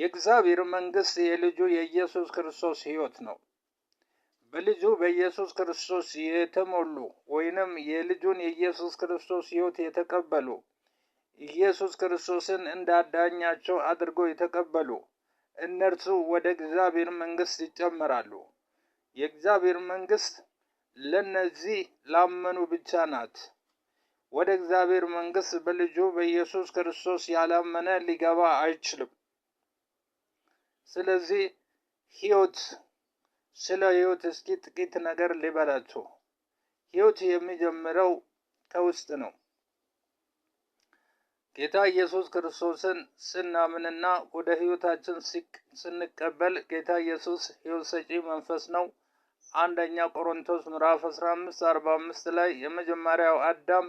የእግዚአብሔር መንግሥት የልጁ የኢየሱስ ክርስቶስ ሕይወት ነው። በልጁ በኢየሱስ ክርስቶስ የተሞሉ ወይንም የልጁን የኢየሱስ ክርስቶስ ሕይወት የተቀበሉ ኢየሱስ ክርስቶስን እንዳዳኛቸው አድርጎ የተቀበሉ እነርሱ ወደ እግዚአብሔር መንግሥት ይጨመራሉ። የእግዚአብሔር መንግሥት ለነዚህ ላመኑ ብቻ ናት። ወደ እግዚአብሔር መንግሥት በልጁ በኢየሱስ ክርስቶስ ያላመነ ሊገባ አይችልም። ስለዚህ ህይወት ስለ ህይወት እስኪ ጥቂት ነገር ልበላችሁ። ህይወት የሚጀምረው ከውስጥ ነው። ጌታ ኢየሱስ ክርስቶስን ስናምንና ወደ ህይወታችን ስንቀበል ጌታ ኢየሱስ ህይወት ሰጪ መንፈስ ነው። አንደኛ ቆሮንቶስ ምዕራፍ 15 45 ላይ የመጀመሪያው አዳም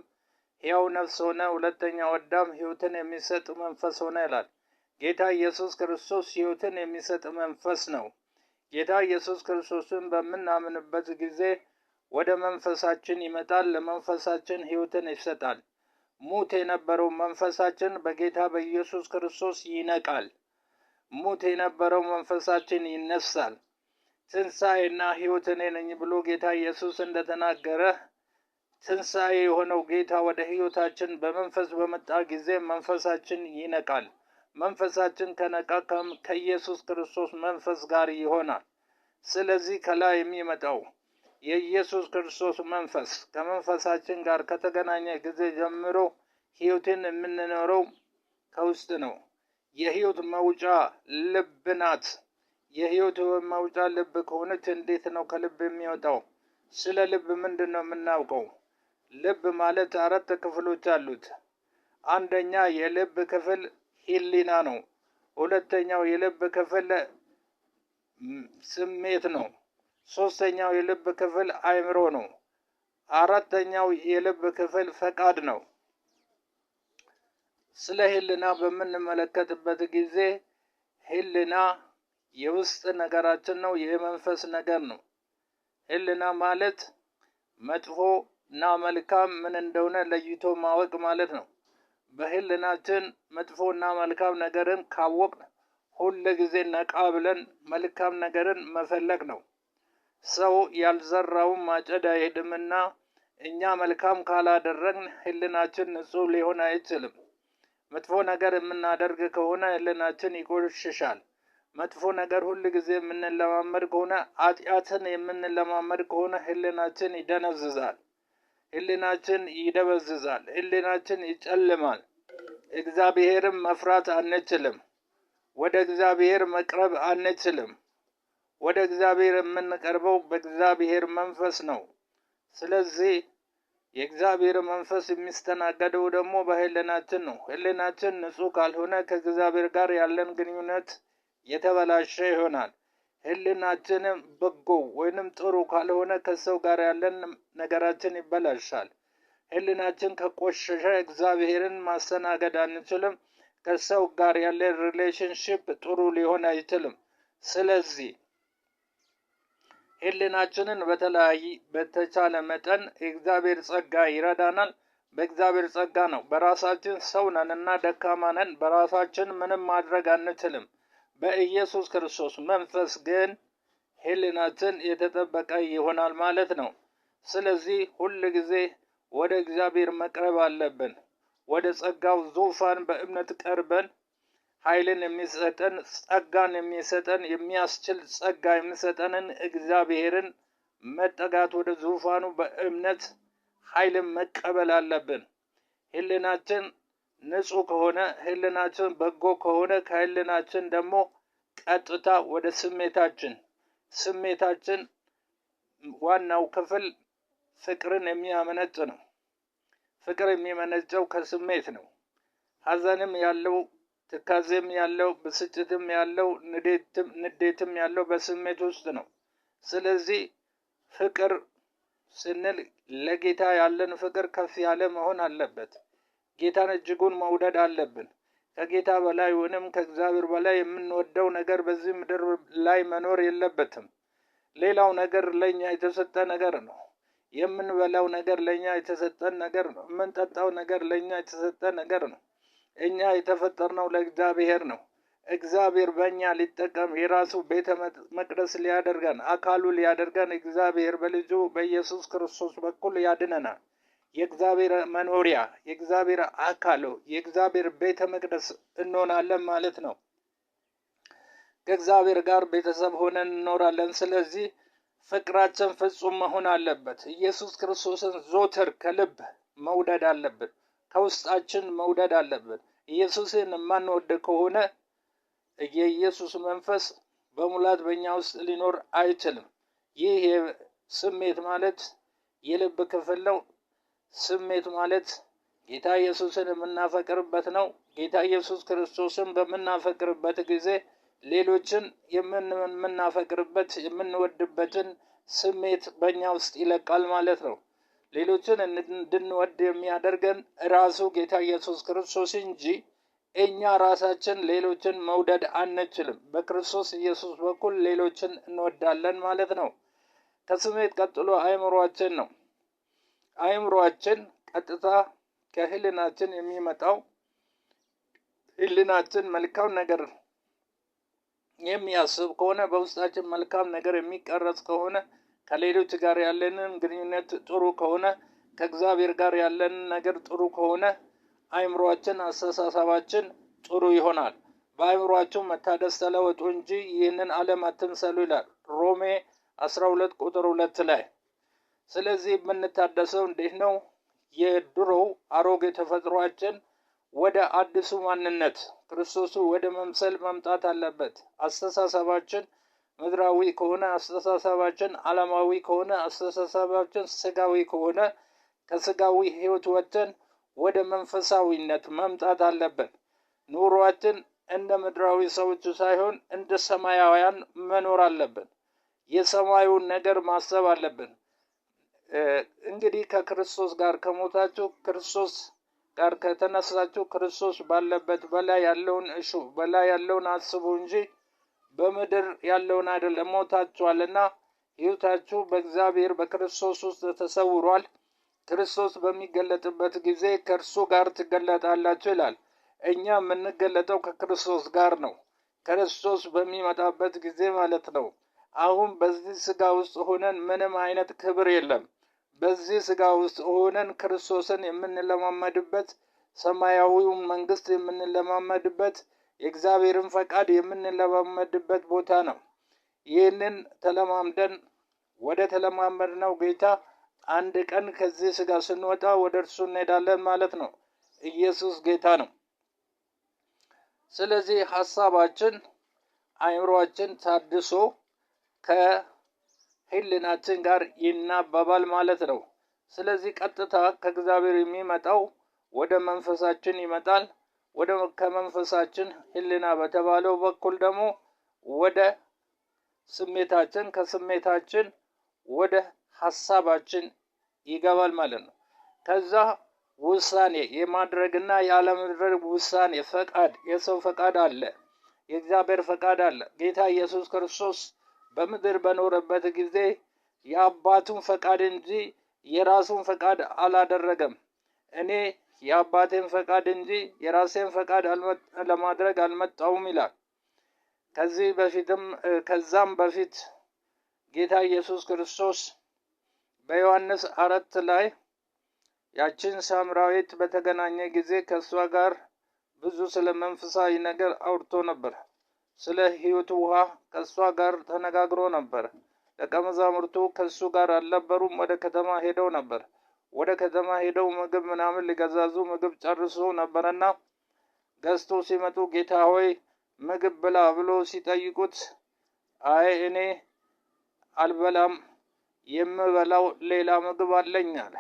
ሕያው ነፍስ ሆነ፣ ሁለተኛው አዳም ህይወትን የሚሰጥ መንፈስ ሆነ ይላል። ጌታ ኢየሱስ ክርስቶስ ሕይወትን የሚሰጥ መንፈስ ነው። ጌታ ኢየሱስ ክርስቶስን በምናምንበት ጊዜ ወደ መንፈሳችን ይመጣል፣ ለመንፈሳችን ሕይወትን ይሰጣል። ሙት የነበረው መንፈሳችን በጌታ በኢየሱስ ክርስቶስ ይነቃል። ሙት የነበረው መንፈሳችን ይነሳል። ትንሣኤና ሕይወት እኔ ነኝ ብሎ ጌታ ኢየሱስ እንደተናገረ ትንሣኤ የሆነው ጌታ ወደ ሕይወታችን በመንፈስ በመጣ ጊዜ መንፈሳችን ይነቃል። መንፈሳችን ከነቃቀም ከኢየሱስ ክርስቶስ መንፈስ ጋር ይሆናል። ስለዚህ ከላይ የሚመጣው የኢየሱስ ክርስቶስ መንፈስ ከመንፈሳችን ጋር ከተገናኘ ጊዜ ጀምሮ ሕይወትን የምንኖረው ከውስጥ ነው። የሕይወት መውጫ ልብ ናት። የሕይወት መውጫ ልብ ከሆነች እንዴት ነው ከልብ የሚወጣው? ስለ ልብ ምንድን ነው የምናውቀው? ልብ ማለት አራት ክፍሎች አሉት። አንደኛ የልብ ክፍል ህሊና ነው። ሁለተኛው የልብ ክፍል ስሜት ነው። ሶስተኛው የልብ ክፍል አእምሮ ነው። አራተኛው የልብ ክፍል ፈቃድ ነው። ስለ ህልና በምንመለከትበት ጊዜ ህልና የውስጥ ነገራችን ነው፣ የመንፈስ ነገር ነው። ህልና ማለት መጥፎና መልካም ምን እንደሆነ ለይቶ ማወቅ ማለት ነው። በህልናችን መጥፎና መልካም ነገርን ካወቅ ሁል ጊዜ ነቃ ብለን መልካም ነገርን መፈለግ ነው። ሰው ያልዘራውን ማጨድ አይሄድምና እኛ መልካም ካላደረግን ህልናችን ንጹህ ሊሆን አይችልም። መጥፎ ነገር የምናደርግ ከሆነ ህልናችን ይቆሽሻል። መጥፎ ነገር ሁል ጊዜ የምንለማመድ ከሆነ አጢአትን የምንለማመድ ከሆነ ህልናችን ይደነዝዛል። ሕሊናችን ይደበዝዛል፣ ሕሊናችን ይጨልማል። እግዚአብሔርም መፍራት አንችልም። ወደ እግዚአብሔር መቅረብ አንችልም። ወደ እግዚአብሔር የምንቀርበው በእግዚአብሔር መንፈስ ነው። ስለዚህ የእግዚአብሔር መንፈስ የሚስተናገደው ደግሞ በህልናችን ነው። ህልናችን ንጹህ ካልሆነ ከእግዚአብሔር ጋር ያለን ግንኙነት የተበላሸ ይሆናል። ህልናችንም በጎ ወይንም ጥሩ ካልሆነ ከሰው ጋር ያለን ነገራችን ይበላሻል። ህልናችን ከቆሸሸ እግዚአብሔርን ማስተናገድ አንችልም። ከሰው ጋር ያለን ሪሌሽንሽፕ ጥሩ ሊሆን አይችልም። ስለዚህ ህልናችንን በተለያይ በተቻለ መጠን እግዚአብሔር ጸጋ ይረዳናል። በእግዚአብሔር ጸጋ ነው። በራሳችን ሰው ነን እና ደካማ ነን። በራሳችን ምንም ማድረግ አንችልም። በኢየሱስ ክርስቶስ መንፈስ ግን ሕሊናችን የተጠበቀ ይሆናል ማለት ነው። ስለዚህ ሁል ጊዜ ወደ እግዚአብሔር መቅረብ አለብን። ወደ ጸጋው ዙፋን በእምነት ቀርበን ኃይልን የሚሰጠን ጸጋን የሚሰጠን የሚያስችል ጸጋ የሚሰጠንን እግዚአብሔርን መጠጋት ወደ ዙፋኑ በእምነት ኃይልን መቀበል አለብን። ሕሊናችን ንጹህ ከሆነ ህልናችን በጎ ከሆነ ከህልናችን ደግሞ ቀጥታ ወደ ስሜታችን ስሜታችን ዋናው ክፍል ፍቅርን የሚያመነጭ ነው። ፍቅር የሚመነጨው ከስሜት ነው። ሐዘንም ያለው ትካዜም ያለው ብስጭትም ያለው ንዴትም ያለው በስሜት ውስጥ ነው። ስለዚህ ፍቅር ስንል ለጌታ ያለን ፍቅር ከፍ ያለ መሆን አለበት። ጌታን እጅጉን መውደድ አለብን። ከጌታ በላይ ወይንም ከእግዚአብሔር በላይ የምንወደው ነገር በዚህ ምድር ላይ መኖር የለበትም። ሌላው ነገር ለእኛ የተሰጠ ነገር ነው። የምንበላው ነገር ለእኛ የተሰጠን ነገር ነው። የምንጠጣው ነገር ለእኛ የተሰጠ ነገር ነው። እኛ የተፈጠርነው ለእግዚአብሔር ነው። እግዚአብሔር በእኛ ሊጠቀም የራሱ ቤተ መቅደስ ሊያደርገን አካሉ ሊያደርገን እግዚአብሔር በልጁ በኢየሱስ ክርስቶስ በኩል ያድነናል። የእግዚአብሔር መኖሪያ የእግዚአብሔር አካል የእግዚአብሔር ቤተ መቅደስ እንሆናለን ማለት ነው። ከእግዚአብሔር ጋር ቤተሰብ ሆነን እንኖራለን። ስለዚህ ፍቅራችን ፍጹም መሆን አለበት። ኢየሱስ ክርስቶስን ዞትር ከልብ መውደድ አለብን። ከውስጣችን መውደድ አለብን። ኢየሱስን የማንወድ ከሆነ የኢየሱስ መንፈስ በሙላት በእኛ ውስጥ ሊኖር አይችልም። ይህ ስሜት ማለት የልብ ክፍል ነው። ስሜት ማለት ጌታ ኢየሱስን የምናፈቅርበት ነው። ጌታ ኢየሱስ ክርስቶስን በምናፈቅርበት ጊዜ ሌሎችን የምናፈቅርበት የምንወድበትን ስሜት በእኛ ውስጥ ይለቃል ማለት ነው። ሌሎችን እንድንወድ የሚያደርገን ራሱ ጌታ ኢየሱስ ክርስቶስ እንጂ እኛ ራሳችን ሌሎችን መውደድ አንችልም። በክርስቶስ ኢየሱስ በኩል ሌሎችን እንወዳለን ማለት ነው። ከስሜት ቀጥሎ አእምሯችን ነው። አእምሯችን ቀጥታ ከህልናችን የሚመጣው ህልናችን መልካም ነገር የሚያስብ ከሆነ በውስጣችን መልካም ነገር የሚቀረጽ ከሆነ ከሌሎች ጋር ያለንን ግንኙነት ጥሩ ከሆነ ከእግዚአብሔር ጋር ያለንን ነገር ጥሩ ከሆነ አእምሯችን፣ አስተሳሰባችን ጥሩ ይሆናል። በአእምሯችሁ መታደስ ተለወጡ እንጂ ይህንን ዓለም አትምሰሉ ይላል ሮሜ 12 ቁጥር ሁለት ላይ ስለዚህ የምንታደሰው እንዴት ነው? የድሮው አሮጌ ተፈጥሯችን ወደ አዲሱ ማንነት ክርስቶሱ ወደ መምሰል መምጣት አለበት። አስተሳሰባችን ምድራዊ ከሆነ አስተሳሰባችን ዓለማዊ ከሆነ አስተሳሰባችን ስጋዊ ከሆነ ከስጋዊ ህይወት ወጥተን ወደ መንፈሳዊነት መምጣት አለብን። ኑሯችን እንደ ምድራዊ ሰዎች ሳይሆን እንደ ሰማያውያን መኖር አለብን። የሰማዩን ነገር ማሰብ አለብን። እንግዲህ ከክርስቶስ ጋር ከሞታችሁ ክርስቶስ ጋር ከተነሳችሁ ክርስቶስ ባለበት በላይ ያለውን እሹ በላይ ያለውን አስቡ እንጂ በምድር ያለውን አይደለም። ሞታችኋልና ሕይወታችሁ በእግዚአብሔር በክርስቶስ ውስጥ ተሰውሯል። ክርስቶስ በሚገለጥበት ጊዜ ከእርሱ ጋር ትገለጣላችሁ ይላል። እኛ የምንገለጠው ከክርስቶስ ጋር ነው። ክርስቶስ በሚመጣበት ጊዜ ማለት ነው። አሁን በዚህ ስጋ ውስጥ ሆነን ምንም አይነት ክብር የለም። በዚህ ስጋ ውስጥ ሆነን ክርስቶስን የምንለማመድበት ሰማያዊውን መንግስት የምንለማመድበት የእግዚአብሔርን ፈቃድ የምንለማመድበት ቦታ ነው። ይህንን ተለማምደን ወደ ተለማመድነው ጌታ አንድ ቀን ከዚህ ስጋ ስንወጣ ወደ እርሱ እንሄዳለን ማለት ነው። ኢየሱስ ጌታ ነው። ስለዚህ ሀሳባችን፣ አእምሯችን ታድሶ ከ ህልናችን ጋር ይናባባል ማለት ነው። ስለዚህ ቀጥታ ከእግዚአብሔር የሚመጣው ወደ መንፈሳችን ይመጣል። ወደ ከመንፈሳችን ህልና በተባለው በኩል ደግሞ ወደ ስሜታችን፣ ከስሜታችን ወደ ሀሳባችን ይገባል ማለት ነው። ከዛ ውሳኔ የማድረግና የአለመድረግ ውሳኔ፣ ፈቃድ፣ የሰው ፈቃድ አለ፣ የእግዚአብሔር ፈቃድ አለ። ጌታ ኢየሱስ ክርስቶስ በምድር በኖረበት ጊዜ የአባቱን ፈቃድ እንጂ የራሱን ፈቃድ አላደረገም። እኔ የአባቴን ፈቃድ እንጂ የራሴን ፈቃድ ለማድረግ አልመጣውም ይላል። ከዚህ በፊትም ከዛም በፊት ጌታ ኢየሱስ ክርስቶስ በዮሐንስ አራት ላይ ያችን ሳምራዊት በተገናኘ ጊዜ ከእሷ ጋር ብዙ ስለ መንፈሳዊ ነገር አውርቶ ነበር። ስለ ሕይወት ውሃ ከእሷ ጋር ተነጋግሮ ነበር። ደቀ መዛሙርቱ ከእሱ ጋር አልነበሩም። ወደ ከተማ ሄደው ነበር። ወደ ከተማ ሄደው ምግብ ምናምን ሊገዛዙ ምግብ ጨርሶ ነበረና ገዝቶ ሲመጡ ጌታ ሆይ ምግብ ብላ ብሎ ሲጠይቁት አይ እኔ አልበላም፣ የምበላው ሌላ ምግብ አለኝ አለ።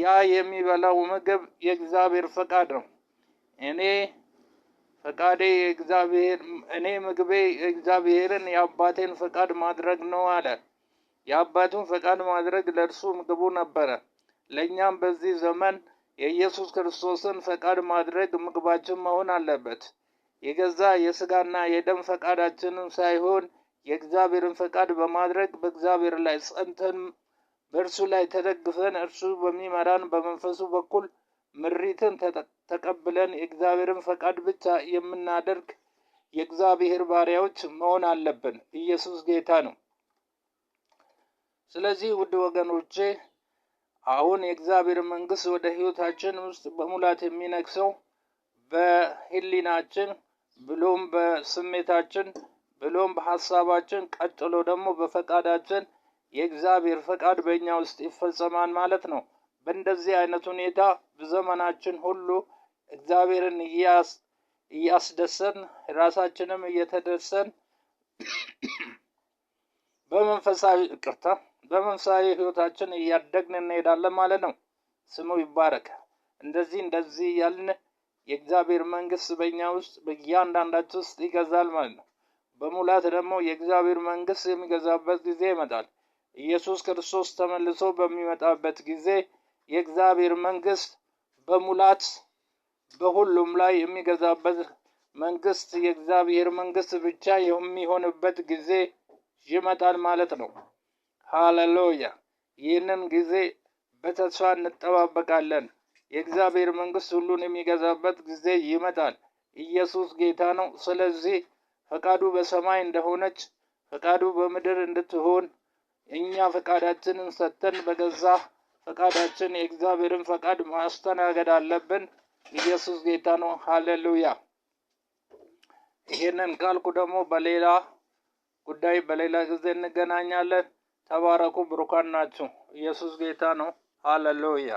ያ የሚበላው ምግብ የእግዚአብሔር ፈቃድ ነው። እኔ ፈቃዴ የእግዚአብሔር እኔ ምግቤ እግዚአብሔርን የአባቴን ፈቃድ ማድረግ ነው አለ። የአባቱን ፈቃድ ማድረግ ለእርሱ ምግቡ ነበረ። ለእኛም በዚህ ዘመን የኢየሱስ ክርስቶስን ፈቃድ ማድረግ ምግባችን መሆን አለበት። የገዛ የስጋና የደም ፈቃዳችንን ሳይሆን የእግዚአብሔርን ፈቃድ በማድረግ በእግዚአብሔር ላይ ጸንተን በእርሱ ላይ ተደግፈን እርሱ በሚመራን በመንፈሱ በኩል ምሪትን ተቀብለን የእግዚአብሔርን ፈቃድ ብቻ የምናደርግ የእግዚአብሔር ባሪያዎች መሆን አለብን። ኢየሱስ ጌታ ነው። ስለዚህ ውድ ወገኖቼ አሁን የእግዚአብሔር መንግስት ወደ ህይወታችን ውስጥ በሙላት የሚነግሰው በህሊናችን ብሎም በስሜታችን ብሎም በሀሳባችን ቀጥሎ ደግሞ በፈቃዳችን የእግዚአብሔር ፈቃድ በእኛ ውስጥ ይፈጸማል ማለት ነው። በእንደዚህ አይነት ሁኔታ በዘመናችን ሁሉ እግዚአብሔርን እያስደሰን ራሳችንም እየተደሰን በመንፈሳዊ ይቅርታ በመንፈሳዊ ህይወታችን እያደግን እንሄዳለን ማለት ነው። ስሙ ይባረክ። እንደዚህ እንደዚህ ያልን የእግዚአብሔር መንግስት በእኛ ውስጥ በእያንዳንዳችን ውስጥ ይገዛል ማለት ነው። በሙላት ደግሞ የእግዚአብሔር መንግስት የሚገዛበት ጊዜ ይመጣል። ኢየሱስ ክርስቶስ ተመልሶ በሚመጣበት ጊዜ የእግዚአብሔር መንግስት በሙላት በሁሉም ላይ የሚገዛበት መንግስት የእግዚአብሔር መንግስት ብቻ የሚሆንበት ጊዜ ይመጣል ማለት ነው። ሃሌሉያ! ይህንን ጊዜ በተስፋ እንጠባበቃለን። የእግዚአብሔር መንግስት ሁሉን የሚገዛበት ጊዜ ይመጣል። ኢየሱስ ጌታ ነው። ስለዚህ ፈቃዱ በሰማይ እንደሆነች ፈቃዱ በምድር እንድትሆን እኛ ፈቃዳችንን ሰጥተን በገዛ ፈቃዳችን የእግዚአብሔርን ፈቃድ ማስተናገድ አለብን። ኢየሱስ ጌታ ነው። ሀሌሉያ። ይህንን ካልኩ ደግሞ በሌላ ጉዳይ በሌላ ጊዜ እንገናኛለን። ተባረኩ፣ ብሩካን ናችሁ። ኢየሱስ ጌታ ነው። ሀሌሉያ